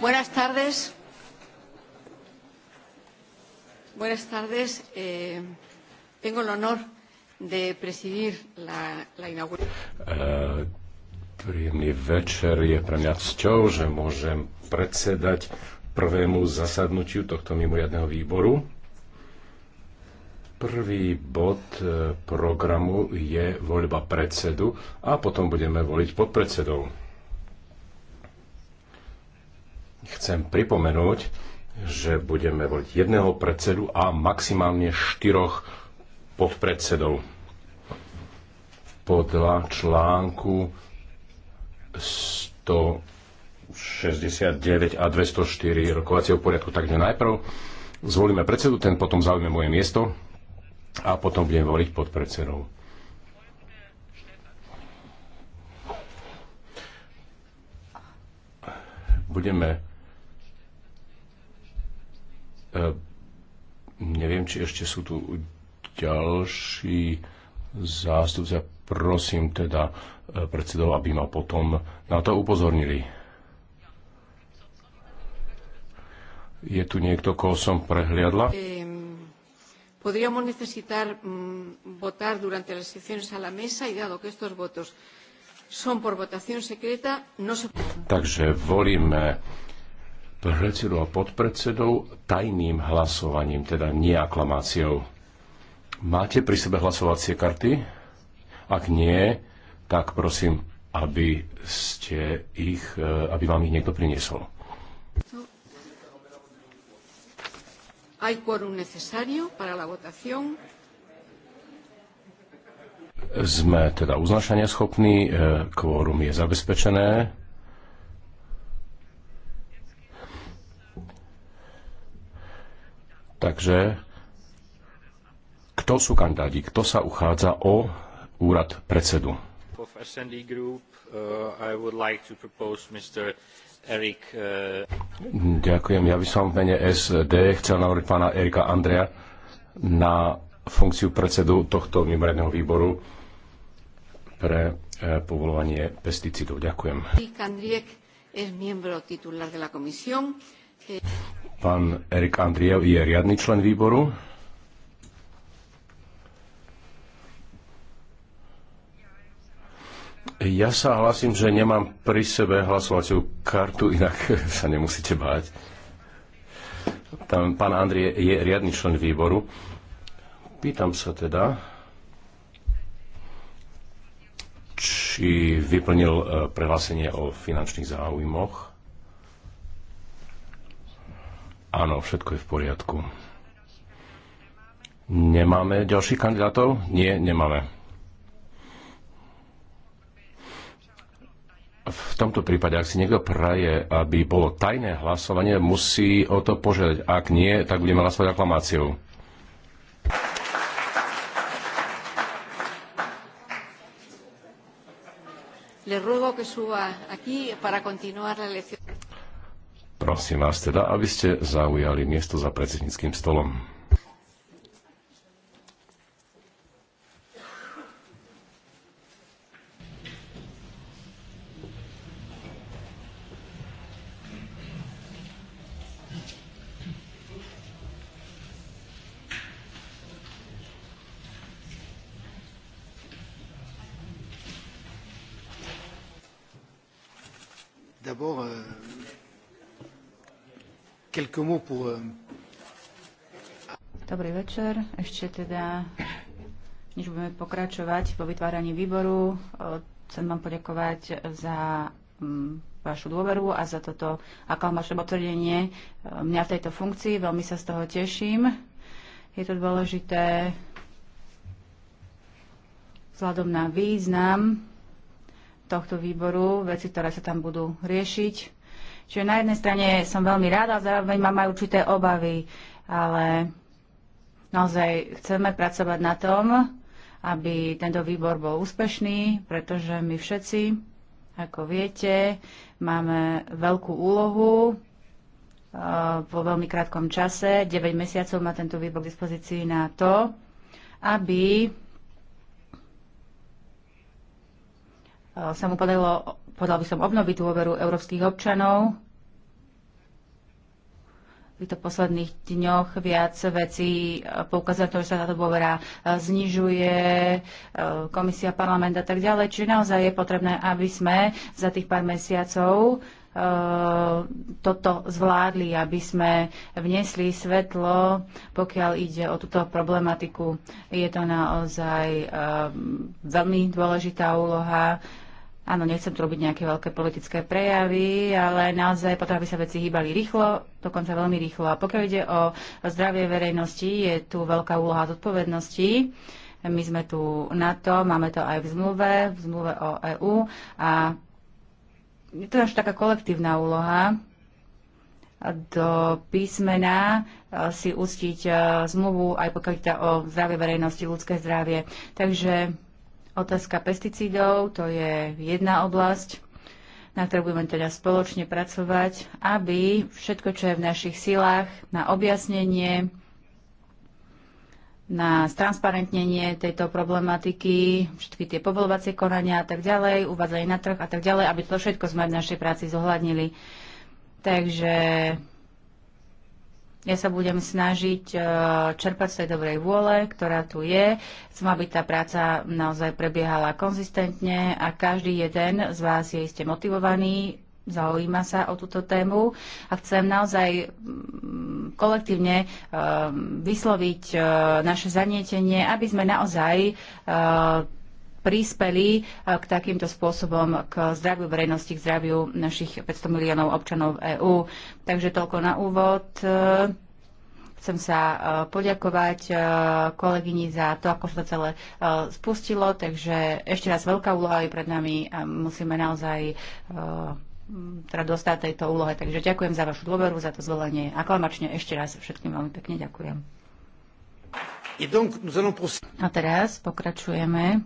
Buenas tardes. Buenas tardes. Eh, tengo el honor de presidir la, la inauguración. Uh, príjemný večer. Je pre mňa cťou, že môžem predsedať prvému zasadnutiu tohto mimoriadného výboru. Prvý bod e, programu je voľba predsedu a potom budeme voliť podpredsedov. Chcem pripomenúť, že budeme voliť jedného predsedu a maximálne štyroch podpredsedov. Podľa článku 169 a 204 rokovacieho poriadku. Takže najprv zvolíme predsedu, ten potom zaujme moje miesto a potom budem voliť podpredsedov. Budeme e, neviem, či ešte sú tu ďalší zástupci. Prosím teda e, predsedov, aby ma potom na to upozornili. Je tu niekto, koho som prehliadla? podríamos necesitar mmm, votar durante las sesiones a la mesa y dado que estos votos son por votación secreta, no se... Takže volíme predsedu a podpredsedou tajným hlasovaním, teda nie aklamáciou. Máte pri sebe hlasovacie karty? Ak nie, tak prosím, aby, ste ich, eh, aby vám ich niekto priniesol. No. ¿Hay quórum necesario para la votación? Sme teda uznašania schopní, e, kvórum je zabezpečené. Takže kto sú kandidáti, kto sa uchádza o úrad predsedu? Eric, eh, Ďakujem. Ja by som v mene SD chcel navrhnúť pána Erika Andrea na funkciu predsedu tohto mimoriadného výboru pre eh, povolovanie pesticídov. Ďakujem. Pán Erik Andriev je riadny člen výboru. Ja sa hlasím, že nemám pri sebe hlasovaciu kartu, inak sa nemusíte báť. Tam pán Andrie je riadny člen výboru. Pýtam sa teda, či vyplnil e, prehlásenie o finančných záujmoch. Áno, všetko je v poriadku. Nemáme ďalších kandidátov? Nie, nemáme. v tomto prípade, ak si niekto praje, aby bolo tajné hlasovanie, musí o to požiadať. Ak nie, tak budeme hlasovať aklamáciou. Prosím vás teda, aby ste zaujali miesto za predsedníckým stolom. ešte teda, než budeme pokračovať vo vytváraní výboru, eh, chcem vám poďakovať za mm, vašu dôveru a za toto aklamačné potvrdenie eh, mňa v tejto funkcii. Veľmi sa z toho teším. Je to dôležité vzhľadom na význam tohto výboru, veci, ktoré sa tam budú riešiť. Čiže na jednej strane som veľmi ráda, zároveň mám aj určité obavy, ale Naozaj chceme pracovať na tom, aby tento výbor bol úspešný, pretože my všetci, ako viete, máme veľkú úlohu uh, vo veľmi krátkom čase. 9 mesiacov má tento výbor k dispozícii na to, aby uh, sa mu podarilo, podal by som, obnoviť dôveru európskych občanov týchto posledných dňoch viac vecí eh, poukazuje to, že sa táto dôvera eh, znižuje, eh, komisia, parlament a tak ďalej. Čiže naozaj je potrebné, aby sme za tých pár mesiacov toto zvládli, aby sme vnesli svetlo, pokiaľ ide o túto problematiku. Je to naozaj veľmi dôležitá úloha Áno, nechcem tu robiť nejaké veľké politické prejavy, ale naozaj potom, aby sa veci hýbali rýchlo, dokonca veľmi rýchlo. A pokiaľ ide o zdravie verejnosti, je tu veľká úloha zodpovednosti. My sme tu na to, máme to aj v zmluve, v zmluve o EÚ a je to až taká kolektívna úloha do písmena e, si ustiť e, zmluvu, aj pokiaľ ide o zdravie verejnosti, ľudské zdravie. Takže Otázka pesticídov, to je jedna oblasť, na ktorej budeme teda spoločne pracovať, aby všetko, čo je v našich silách na objasnenie, na stransparentnenie tejto problematiky, všetky tie povolovacie konania a tak ďalej, uvádzanie na trh a tak ďalej, aby to všetko sme v našej práci zohľadnili. Takže ja sa budem snažiť e, čerpať z tej dobrej vôle, ktorá tu je. Chcem, aby tá práca naozaj prebiehala konzistentne a každý jeden z vás je iste motivovaný, zaujíma sa o túto tému a chcem naozaj mm, kolektívne e, vysloviť e, naše zanietenie, aby sme naozaj prispeli e, k takýmto spôsobom k zdraviu verejnosti, k zdraviu našich 500 miliónov občanov EÚ. Takže toľko na úvod. E, chcem sa e, poďakovať kolegyni za to, ako sa to celé spustilo. Takže ešte raz veľká úloha je pred nami a musíme naozaj teda dostať tejto úlohe. Takže ďakujem za vašu dôveru, za to zvolenie. Aklamačne ešte raz všetkým veľmi pekne ďakujem. A teraz pokračujeme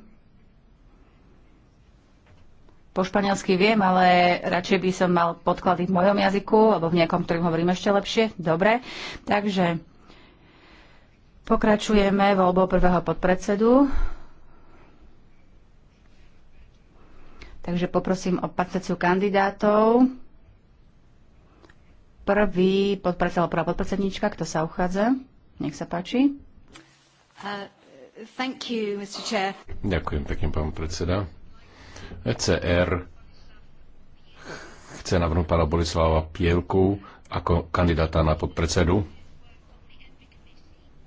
po španielsky viem, ale radšej by som mal podklady v mojom jazyku alebo v nejakom, ktorým hovorím ešte lepšie. Dobre, takže pokračujeme voľbou prvého podpredsedu. Takže poprosím o participáciu kandidátov. Prvý podpredseda, prvá podpredsednička, kto sa uchádza? Nech sa páči. Uh, you, Ďakujem pekne, pán predseda. ECR chce navrhnúť pána Bolislava Pielku ako kandidáta na podpredsedu.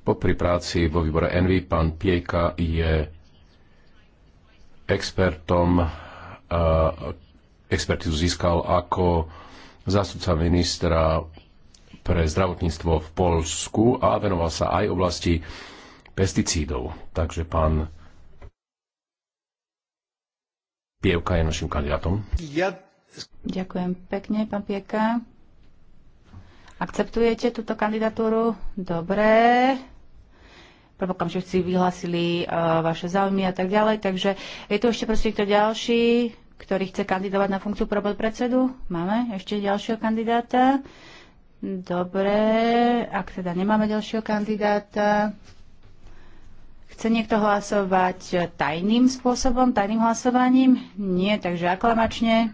Po pri práci vo výbore Envy pán Pieka je expertom, e, expertizu získal ako zástupca ministra pre zdravotníctvo v Polsku a venoval sa aj oblasti pesticídov. Takže pán Pievka je našim kandidátom. Ja... Ďakujem pekne, pán Pieka. Akceptujete túto kandidatúru? Dobre. Prvokam, že si vyhlasili uh, e, vaše záujmy a tak ďalej. Takže je tu ešte proste niekto ďalší, ktorý chce kandidovať na funkciu pro predsedu? Máme ešte ďalšieho kandidáta? Dobre, ak teda nemáme ďalšieho kandidáta, Chce niekto hlasovať tajným spôsobom, tajným hlasovaním? Nie, takže aklamačne.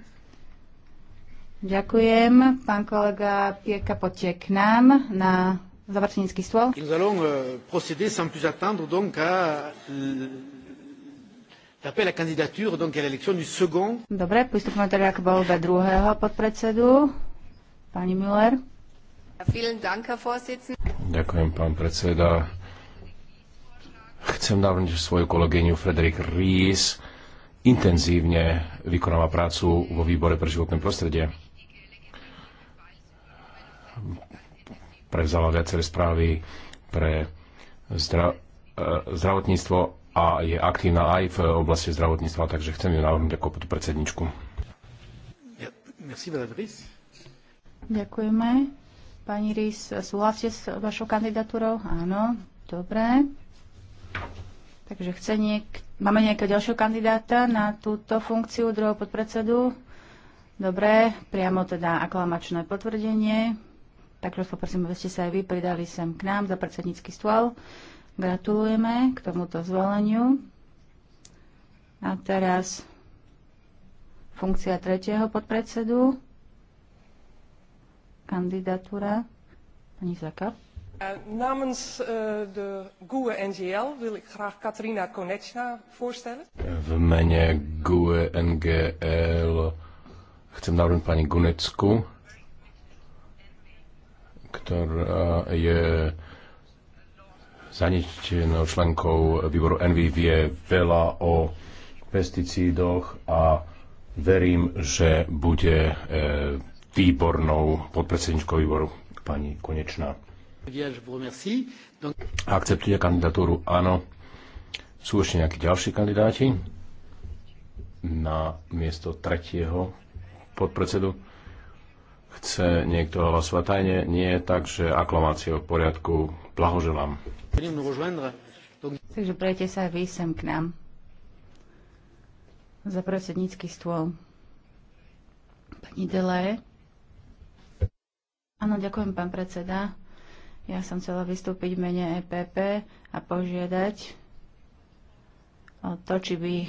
Ďakujem. Pán kolega Pierka, poďte k nám na zavrčnícky stôl. Nous allons euh, procéder sans plus attendre donc à euh, l'appel à candidature donc à l'élection du second. Dobre, pristupme teda k voľbe druhého podpredsedu. Pani Müller. Vielen Dank, Herr Vorsitzender. Ďakujem, pán predseda. Chcem navrniť svoju kolegyňu Frederik Ries intenzívne vykonáva prácu vo výbore pre životné prostredie. Prevzala viaceré správy pre zdra- e, zdravotníctvo a je aktívna aj v oblasti zdravotníctva, takže chcem ju navrhnúť ako podpredsedničku. Ďakujeme. Pani Rís, súhlasíte s vašou kandidatúrou? Áno, dobre. Takže chce niek- máme nejakého ďalšieho kandidáta na túto funkciu druhého podpredsedu? Dobre, priamo teda aklamačné potvrdenie. Takže poprosím, aby ste sa aj vy pridali sem k nám za predsednícky stôl. Gratulujeme k tomuto zvoleniu. A teraz funkcia tretieho podpredsedu. Kandidatúra. Pani Zakap. Eh, namens eh, de GUE NGL wil ik graag Katrina Konečná voorstellen. V mene GUE NGL chcem navrhnúť pani Gunecku, ktorá je zaničenou členkou výboru NV vie veľa o pesticídoch a verím, že bude eh, výbornou podpredsedničkou výboru pani Konečná. Akceptuje kandidatúru áno. Sú ešte nejakí ďalší kandidáti na miesto tretieho podpredsedu? Chce niekto hlasovať tajne? Nie, takže aklamácie v poriadku. Blahoželám. Takže prejte sa vy sem k nám za predsednícky stôl. Pani Delé. Áno, ďakujem, pán predseda. Ja som chcela vystúpiť v mene EPP a požiadať o to, či by o,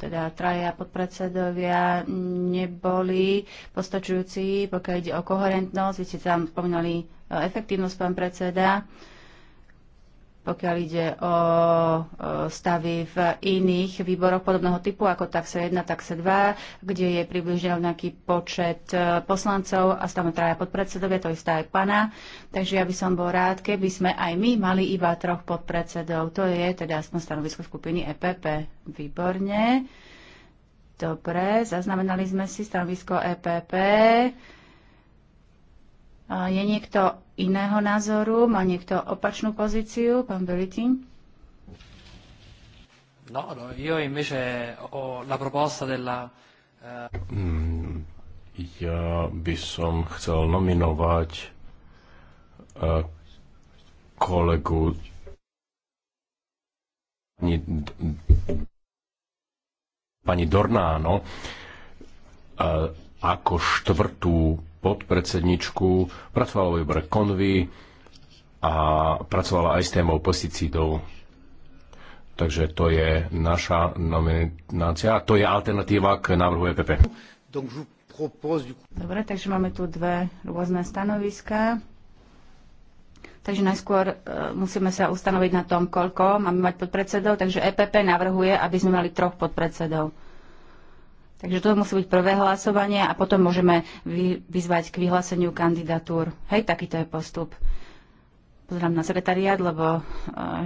teda traja podpredsedovia neboli postačujúci, pokiaľ ide o koherentnosť. Vy ste tam spomínali efektívnosť, pán predseda pokiaľ ide o stavy v iných výboroch podobného typu ako taxe 1, taxe 2, kde je približne rovnaký počet e, poslancov a stále traja podpredsedovia, to isté aj pana. Takže ja by som bol rád, keby sme aj my mali iba troch podpredsedov. To je teda aspoň stanovisko skupiny EPP. Výborne. Dobre, zaznamenali sme si stanovisko EPP. Je niekto iného názoru? Má niekto opačnú pozíciu? Pán Belitín? No, no, io invece ho la proposta della... Mm, ja by som chcel nominovať uh, kolegu pani, pani Dornáno uh, ako štvrtú podpredsedničku, pracovala vo výbore konvy a pracovala aj s témou pesticídov. Takže to je naša nominácia. To je alternatíva k návrhu EPP. Dobre, takže máme tu dve rôzne stanoviská. Takže najskôr e, musíme sa ustanoviť na tom, koľko máme mať podpredsedov. Takže EPP navrhuje, aby sme mali troch podpredsedov. Takže to musí byť prvé hlasovanie a potom môžeme vyzvať k vyhláseniu kandidatúr. Hej, takýto je postup. Pozerám na sekretariat, lebo e,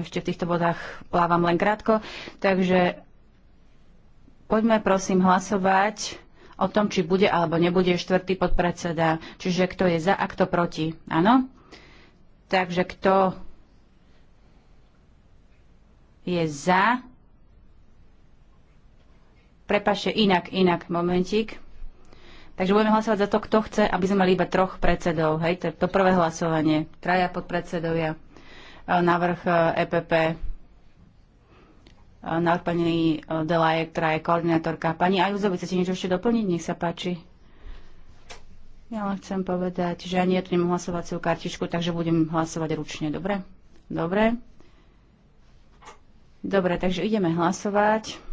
ešte v týchto bodách plávam len krátko. Takže poďme prosím hlasovať o tom, či bude alebo nebude štvrtý podpredseda. Čiže kto je za a kto proti. Áno? Takže kto je za Prepašte, inak, inak, momentík. Takže budeme hlasovať za to, kto chce, aby sme mali iba troch predsedov. Hej, to, je to prvé hlasovanie. Traja podpredsedovia. E, návrh EPP. E e, návrh pani Delaje, ktorá je koordinátorka. Pani Ajúzovi, chcete niečo ešte doplniť? Nech sa páči. Ja len chcem povedať, že ja nie tu nemám hlasovaciu kartičku, takže budem hlasovať ručne. Dobre? Dobre. Dobre, takže ideme hlasovať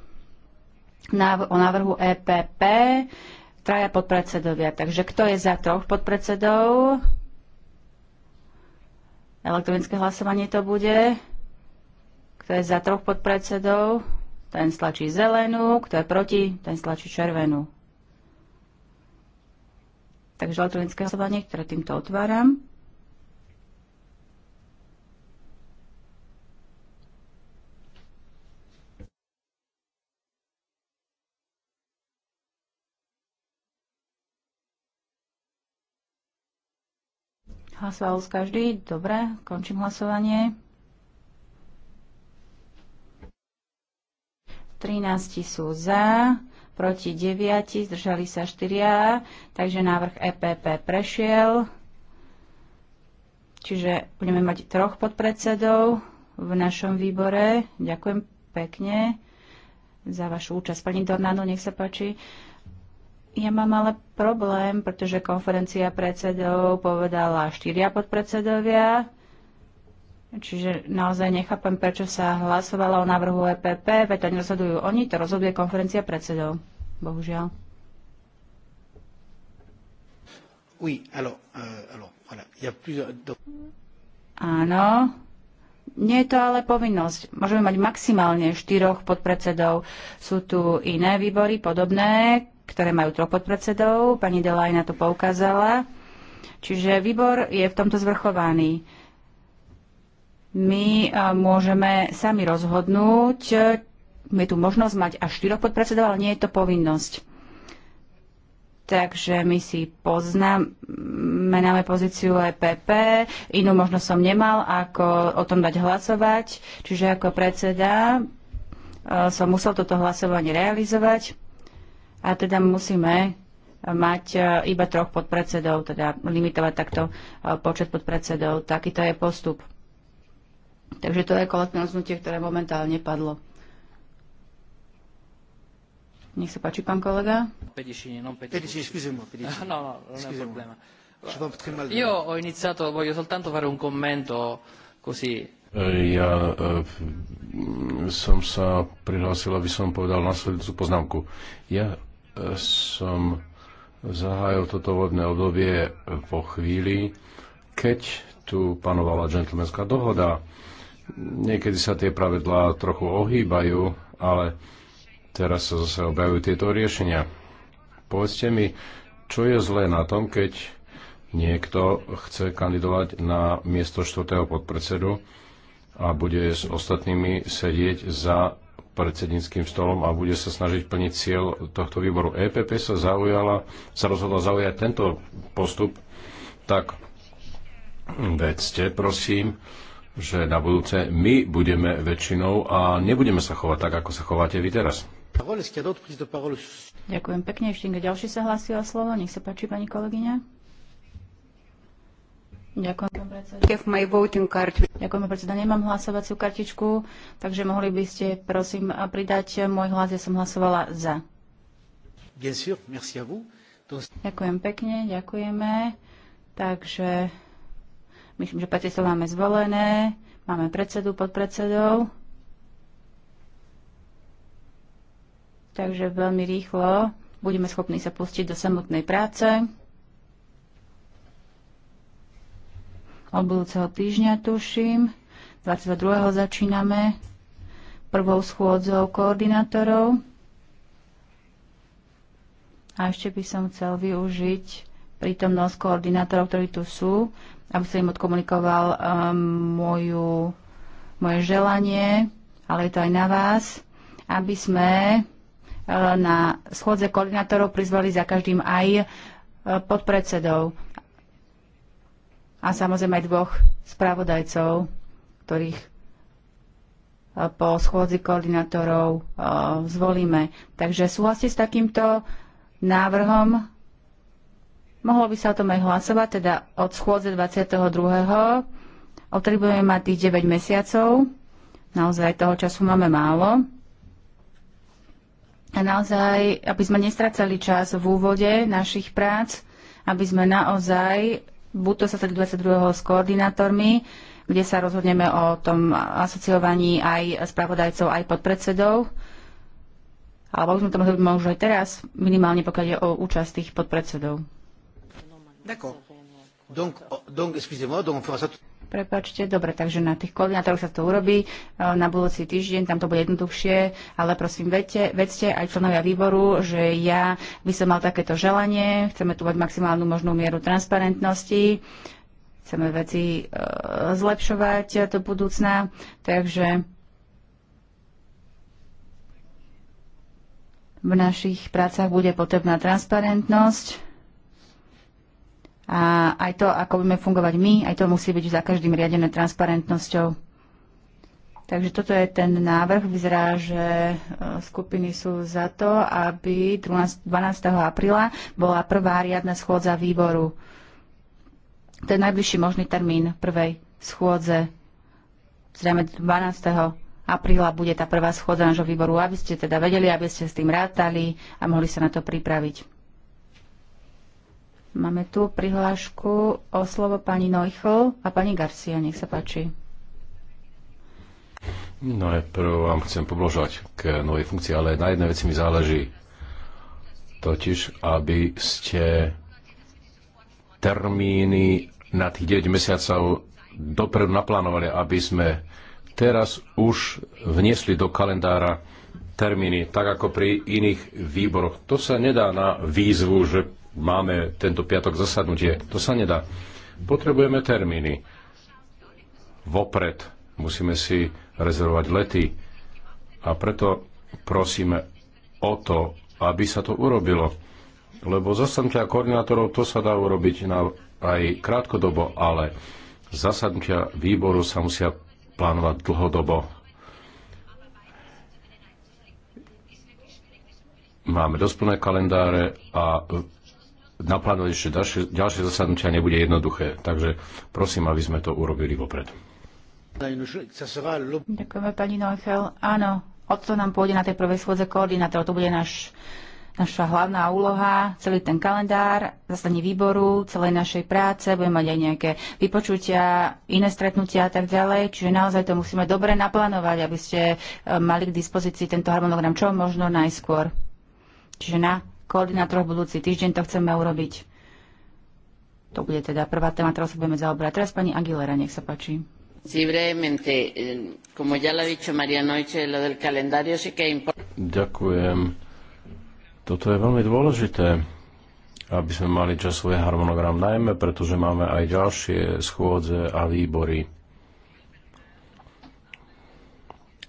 o návrhu EPP traja podpredsedovia. Takže kto je za troch podpredsedov? Elektronické hlasovanie to bude. Kto je za troch podpredsedov? Ten stlačí zelenú. Kto je proti? Ten stlačí červenú. Takže elektronické hlasovanie, ktoré týmto otváram. Hlasoval už každý? Dobre, končím hlasovanie. 13 sú za, proti 9, zdržali sa 4, takže návrh EPP prešiel. Čiže budeme mať troch podpredsedov v našom výbore. Ďakujem pekne za vašu účasť. Pani Dornano, nech sa páči. Ja mám ale problém, pretože konferencia predsedov povedala štyria podpredsedovia, čiže naozaj nechápem, prečo sa hlasovalo o návrhu EPP, veď to nerozhodujú oni, to rozhoduje konferencia predsedov. Bohužiaľ. Oui, alors, euh, alors, voilà, il y a de... Áno, nie je to ale povinnosť. Môžeme mať maximálne štyroch podpredsedov. Sú tu iné výbory podobné, ktoré majú troch podpredsedov. Pani Delaj na to poukázala. Čiže výbor je v tomto zvrchovaný. My e, môžeme sami rozhodnúť. Je tu možnosť mať až štyroch podpredsedov, ale nie je to povinnosť. Takže my si poznáme pozíciu EPP, inú možnosť som nemal, ako o tom dať hlasovať. Čiže ako predseda e, som musel toto hlasovanie realizovať. A teda musíme eh, mať eh, iba troch podpredsedov, teda limitovať takto eh, počet podpredsedov. Takýto je postup. Takže to je kolektívne rozhodnutie, ktoré momentálne padlo. Nech sa páči, pán kolega. Pedicini, non pedicini. Pedicini, pedicini. No, no, non è un problema. Io ho iniziato, voglio soltanto fare un commento così. Ja som sa prihlásil, aby som povedal následujúcu poznámku. Ja som zahájil toto vodné obdobie po chvíli, keď tu panovala džentlmenská dohoda. Niekedy sa tie pravidlá trochu ohýbajú, ale teraz sa zase objavujú tieto riešenia. Povedzte mi, čo je zlé na tom, keď niekto chce kandidovať na miesto štvrtého podpredsedu a bude s ostatnými sedieť za predsedníckým stolom a bude sa snažiť plniť cieľ tohto výboru. EPP sa, zaujala, sa rozhodla zaujať tento postup, tak vedzte, prosím, že na budúce my budeme väčšinou a nebudeme sa chovať tak, ako sa chováte vy teraz. Ďakujem pekne. Ešte ďalší sa hlási o slovo. Nech sa páči, pani kolegyňa. Ďakujem, pán predseda. Ďakujem, pán predseda. Nemám hlasovaciu kartičku, takže mohli by ste, prosím, pridať môj hlas. Ja som hlasovala za. Bien sûr, merci à vous. To... Ďakujem pekne, ďakujeme. Takže myslím, že Patriso máme zvolené. Máme predsedu, podpredsedov. Takže veľmi rýchlo budeme schopní sa pustiť do samotnej práce. od budúceho týždňa, tuším. 22. začíname prvou schôdzou koordinátorov. A ešte by som chcel využiť prítomnosť koordinátorov, ktorí tu sú, aby som im odkomunikoval um, moju, moje želanie, ale je to aj na vás, aby sme eh, na schôdze koordinátorov prizvali za každým aj eh, podpredsedov a samozrejme aj dvoch spravodajcov, ktorých e, po schôdzi koordinátorov e, zvolíme. Takže súhlasíte s takýmto návrhom? Mohlo by sa o tom aj hlasovať, teda od schôdze 22. Odtedy budeme mať tých 9 mesiacov. Naozaj toho času máme málo. A naozaj, aby sme nestracali čas v úvode našich prác, aby sme naozaj buď to sa 22. s koordinátormi, kde sa rozhodneme o tom asociovaní aj spravodajcov, aj podpredsedov. Alebo sme to mohli možno aj teraz, minimálne pokiaľ je o účasť tých podpredsedov. D'accord. Donc, donc, excusez-moi, donc on fera ça... Prepačte, dobre, takže na tých koordinátoroch sa to urobí, e, na budúci týždeň tam to bude jednoduchšie, ale prosím, vedte, vedzte aj členovia výboru, že ja by som mal takéto želanie, chceme tu mať maximálnu možnú mieru transparentnosti, chceme veci e, zlepšovať do budúcna, takže v našich prácach bude potrebná transparentnosť a aj to, ako budeme fungovať my, aj to musí byť za každým riadené transparentnosťou. Takže toto je ten návrh. Vyzerá, že e, skupiny sú za to, aby 12. apríla bola prvá riadna schôdza výboru. To je najbližší možný termín prvej schôdze. Zrejme 12. apríla bude tá prvá schôdza nášho výboru, aby ste teda vedeli, aby ste s tým rátali a mohli sa na to pripraviť. Máme tu prihlášku o slovo pani Neuchl a pani Garcia. Nech sa páči. Najprv no, vám chcem pobložať k novej funkcii, ale na jednej veci mi záleží. Totiž, aby ste termíny na tých 9 mesiacov dopredu naplánovali, aby sme teraz už vniesli do kalendára termíny, tak ako pri iných výboroch. To sa nedá na výzvu, že máme tento piatok zasadnutie. To sa nedá. Potrebujeme termíny. Vopred musíme si rezervovať lety. A preto prosíme o to, aby sa to urobilo. Lebo zasadnutia koordinátorov to sa dá urobiť na aj krátkodobo, ale zasadnutia výboru sa musia plánovať dlhodobo. Máme dosplné kalendáre a naplánovať ešte ďalšie, ďalšie zasadnutia nebude jednoduché. Takže prosím, aby sme to urobili vopred. Ďakujeme, pani Neuchel. Áno, o to nám pôjde na tej prvej schôdze koordinátor. To bude naš, naša hlavná úloha, celý ten kalendár, zastanie výboru, celej našej práce, budeme mať aj nejaké vypočutia, iné stretnutia a tak ďalej. Čiže naozaj to musíme dobre naplánovať, aby ste eh, mali k dispozícii tento harmonogram čo možno najskôr. Čiže na koordinátorov budúci týždeň to chceme urobiť. To bude teda prvá téma, ktorou sa budeme zaoberať. Teraz pani Aguilera, nech sa páči. Eh, Ďakujem. Toto je veľmi dôležité, aby sme mali časový harmonogram, najmä pretože máme aj ďalšie schôdze a výbory.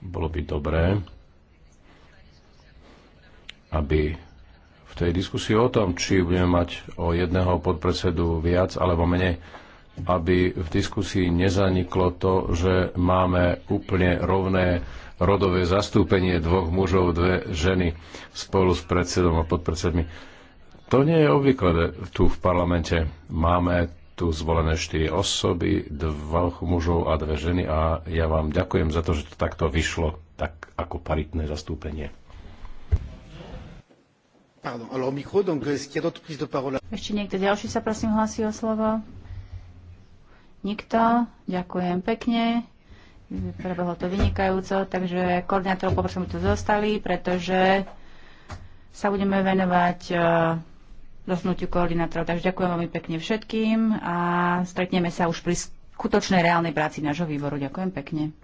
Bolo by dobré, aby tej diskusii o tom, či budeme mať o jedného podpredsedu viac alebo menej, aby v diskusii nezaniklo to, že máme úplne rovné rodové zastúpenie dvoch mužov, dve ženy spolu s predsedom a podpredsedmi. To nie je obvykle tu v parlamente. Máme tu zvolené štyri osoby, dvoch mužov a dve ženy a ja vám ďakujem za to, že to takto vyšlo, tak ako paritné zastúpenie. Pardon, alors micro, donc est-ce qu'il y a d'autres prises de parole? Ešte niekto ďalší sa prosím hlasí o slovo? Nikto? Ďakujem pekne. Prebehlo to vynikajúco, takže koordinátorov poprosím, aby tu zostali, pretože sa budeme venovať e, dosnutiu koordinátorov. Takže ďakujem veľmi pekne všetkým a stretneme sa už pri skutočnej reálnej práci nášho výboru. Ďakujem pekne.